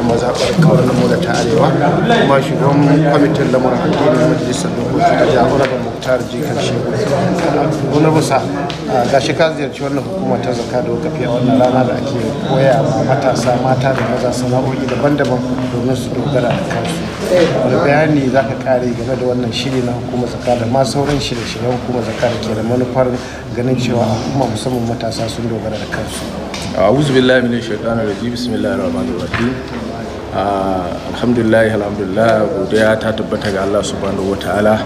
ta mazaɓar kawar da ta arewa kuma shugaban kwamitin lamar addini na majalisar dokoki da jami'ar da muktar jikar shehu wani rusa ga shi ka ziyarci wannan hukuma ta zaka da wakafi a wannan rana da ake koya ma matasa mata da maza sana'o'i daban-daban domin su dogara da kansu wani bayani za ka kare game da wannan shiri na hukumar zaka da ma sauran shirye-shiryen hukumar zaka da ke da manufar ganin cewa al'umma musamman matasa sun dogara da kansu a بالله min الشيطان الرجيم بسم الله الرحمن Ah, alhamdulillah alhamdulillah godiya ta tabbata ga Allah subhanahu wataala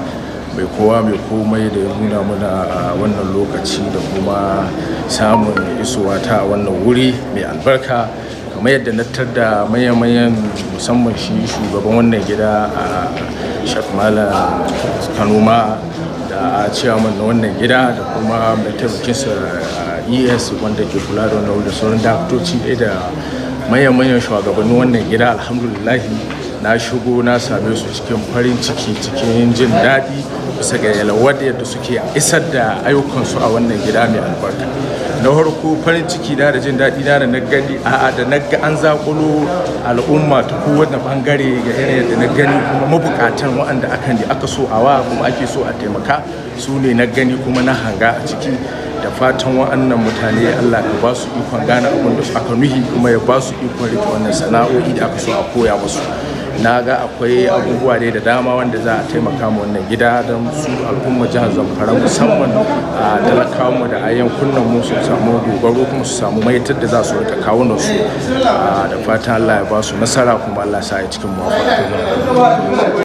mai kowa mai komai da ya nuna mana a wannan lokaci da kuma samun isuwa ta wannan wuri mai albarka kamar yadda na da mayan-mayan musamman shi shugaban wannan gida a shakmala kanuma da ciyaman na wannan gida da kuma mai taimakinsa es wanda ke kula da wannan da sauran daktoci da manyan manyan shugabannin wannan gida alhamdulillahi na shigo na same su cikin farin ciki cikin jin daɗi bisa ga yalwar yadda suke isar da ayyukansu a wannan gida mai albarka na farko farin ciki na da jin daɗi na da na gani a da na ga an zakulo al'umma ta kowane bangare ga irin yadda na gani kuma mabukatan waɗanda aka ne aka so a wa kuma ake so a taimaka su ne na gani kuma na hanga a ciki da fatan wa'annan mutane Allah ka ba su ikon gane abin da aka nuhi kuma ya ba su ikon rike wannan sana'o'i da aka so a koya musu na ga akwai abubuwa dai da dama wanda za a taimaka mu wannan gida don su al'umma jihar zamfara musamman a talakawa mu da a yankunan mu su samu dogaro kuma su samu maitar da za su rika kawunan su da fatan Allah ya ba su nasara kuma Allah sa ya cikin mu